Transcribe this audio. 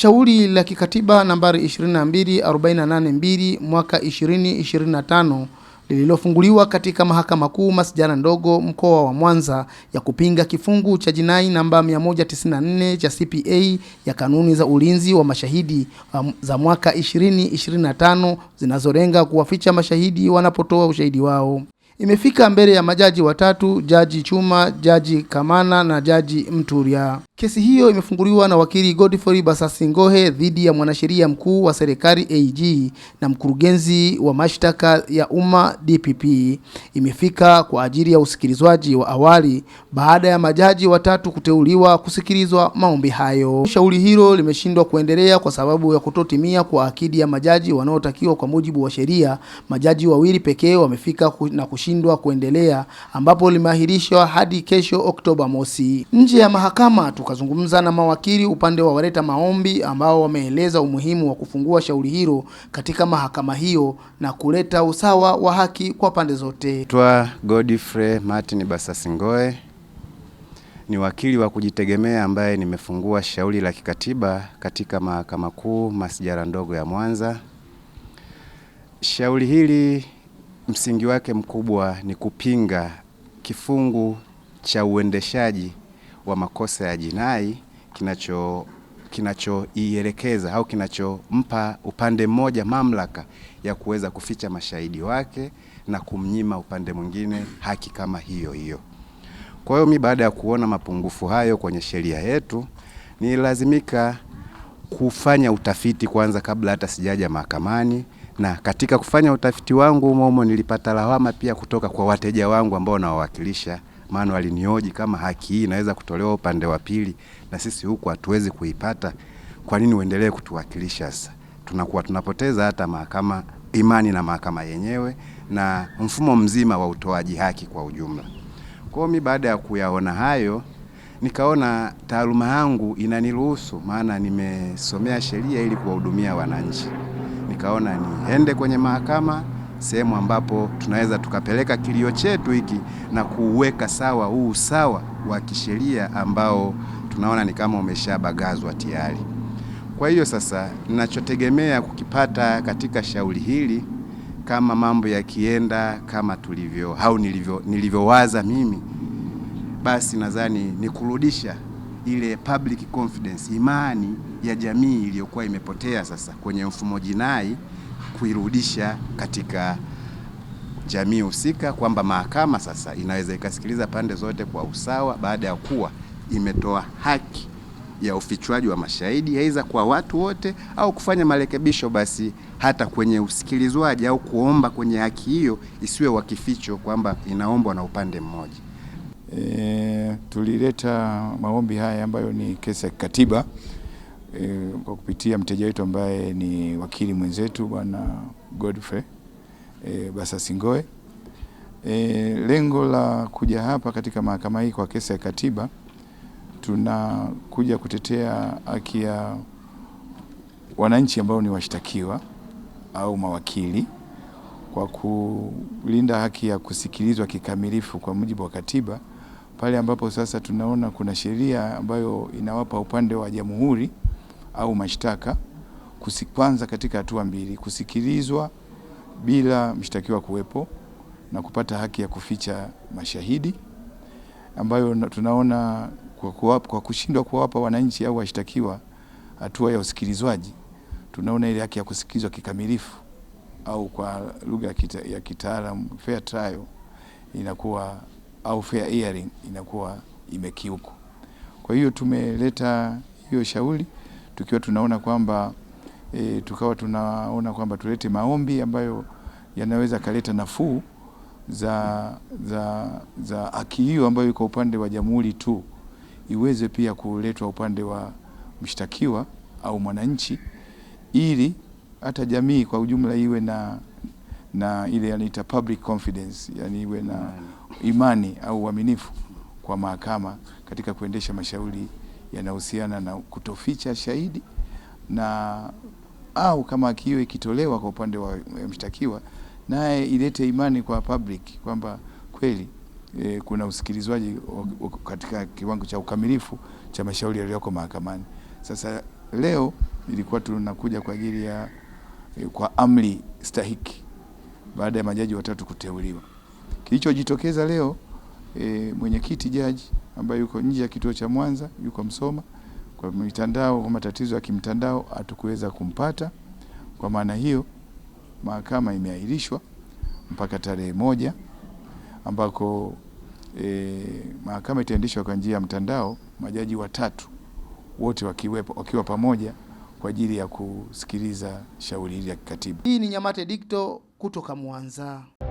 Shauri la kikatiba nambari 22482 mwaka 2025 lililofunguliwa katika mahakama kuu masjala ndogo mkoa wa Mwanza ya kupinga kifungu cha jinai namba 194 cha CPA ya kanuni za ulinzi wa mashahidi um, za mwaka 2025 zinazolenga kuwaficha mashahidi wanapotoa ushahidi wao imefika mbele ya majaji watatu, Jaji Chuma, Jaji Kamana na Jaji Mturia. Kesi hiyo imefunguliwa na wakili Godfrey Basasingohe dhidi ya mwanasheria mkuu wa serikali AG na mkurugenzi wa mashtaka ya umma DPP. Imefika kwa ajili ya usikilizwaji wa awali baada ya majaji watatu kuteuliwa kusikilizwa maombi hayo. Shauri hilo limeshindwa kuendelea kwa sababu ya kutotimia kwa akidi ya majaji wanaotakiwa kwa mujibu wa sheria. Majaji wawili pekee wamefika na kushindwa kuendelea, ambapo limeahirishwa hadi kesho Oktoba mosi. Nje ya mahakama tukazungumza na mawakili upande wa waleta maombi ambao wameeleza umuhimu wa kufungua shauri hilo katika mahakama hiyo na kuleta usawa wa haki kwa pande zote. Twa Godfrey Martin Basasingoe ni wakili wa kujitegemea ambaye nimefungua shauri la kikatiba katika Mahakama Kuu masijara ndogo ya Mwanza. Shauri hili msingi wake mkubwa ni kupinga kifungu cha uendeshaji wa makosa ya jinai kinacho kinachoielekeza au kinachompa upande mmoja mamlaka ya kuweza kuficha mashahidi wake na kumnyima upande mwingine haki kama hiyo hiyo. Kwa hiyo mi baada ya kuona mapungufu hayo kwenye sheria yetu nilazimika kufanya utafiti kwanza kabla hata sijaja mahakamani, na katika kufanya utafiti wangu humo nilipata lawama pia kutoka kwa wateja wangu ambao nawawakilisha maana walinioji kama haki hii inaweza kutolewa upande wa pili na sisi huku hatuwezi kuipata, kwa nini uendelee kutuwakilisha? Sasa tunakuwa tunapoteza hata mahakama, imani na mahakama yenyewe na mfumo mzima wa utoaji haki kwa ujumla. Kwa hiyo baada ya kuyaona hayo nikaona taaluma yangu inaniruhusu, maana nimesomea sheria ili kuwahudumia wananchi, nikaona niende kwenye mahakama sehemu ambapo tunaweza tukapeleka kilio chetu hiki na kuuweka sawa huu usawa wa kisheria ambao tunaona ni kama umeshabagazwa tayari. Kwa hiyo sasa, ninachotegemea kukipata katika shauri hili, kama mambo yakienda kama tulivyo au nilivyo nilivyowaza mimi, basi nadhani ni kurudisha ile public confidence, imani ya jamii iliyokuwa imepotea sasa kwenye mfumo jinai kuirudisha katika jamii husika, kwamba mahakama sasa inaweza ikasikiliza pande zote kwa usawa baada ya kuwa imetoa haki ya ufichwaji wa mashahidi aidha kwa watu wote au kufanya marekebisho basi hata kwenye usikilizwaji au kuomba kwenye haki hiyo isiwe wakificho kwamba inaombwa na upande mmoja. E, tulileta maombi haya ambayo ni kesi ya kikatiba e, kwa kupitia mteja wetu ambaye ni wakili mwenzetu Bwana Godfrey e, eh, Basasingoe. E, eh, lengo la kuja hapa katika mahakama hii kwa kesi ya katiba, tunakuja kutetea haki ya wananchi ambao ni washtakiwa au mawakili kwa kulinda haki ya kusikilizwa kikamilifu kwa mujibu wa katiba, pale ambapo sasa tunaona kuna sheria ambayo inawapa upande wa jamhuri au mashtaka kwanza katika hatua mbili: kusikilizwa bila mshtakiwa kuwepo na kupata haki ya kuficha mashahidi ambayo tunaona kwa, kwa, kwa kushindwa kuwapa wananchi au washtakiwa hatua ya usikilizwaji, tunaona ile haki ya kusikilizwa kikamilifu au kwa lugha kita, ya kitaalamu fair trial inakuwa au fair hearing inakuwa imekiuko. Kwa hiyo tumeleta hiyo shauri tukiwa tunaona kwamba e, tukawa tunaona kwamba tulete maombi ambayo yanaweza kaleta nafuu za, za, za haki hiyo ambayo iko upande wa jamhuri tu iweze pia kuletwa upande wa mshtakiwa au mwananchi, ili hata jamii kwa ujumla iwe na, na ile anaita public confidence, yani iwe na imani au uaminifu kwa mahakama katika kuendesha mashauri yanahusiana na kutoficha shahidi na au kama hiyo ikitolewa kwa upande wa mshtakiwa, naye ilete imani kwa public kwamba kweli e, kuna usikilizwaji katika kiwango cha ukamilifu cha mashauri yaliyoko mahakamani. Sasa leo ilikuwa tunakuja kwa ajili ya e, kwa amri stahiki baada ya majaji watatu kuteuliwa. Kilichojitokeza leo e, mwenyekiti jaji ambaye yuko nje ya kituo cha Mwanza, yuko Msoma. Kwa mitandao, kwa matatizo ya kimtandao hatukuweza kumpata. Kwa maana hiyo, mahakama imeahirishwa mpaka tarehe moja ambako e, mahakama itaendeshwa kwa njia ya mtandao, majaji watatu wote wakiwepo, wakiwa pamoja kwa ajili ya kusikiliza shauri hili la kikatiba. Hii ni Nyamate Dikto kutoka Mwanza.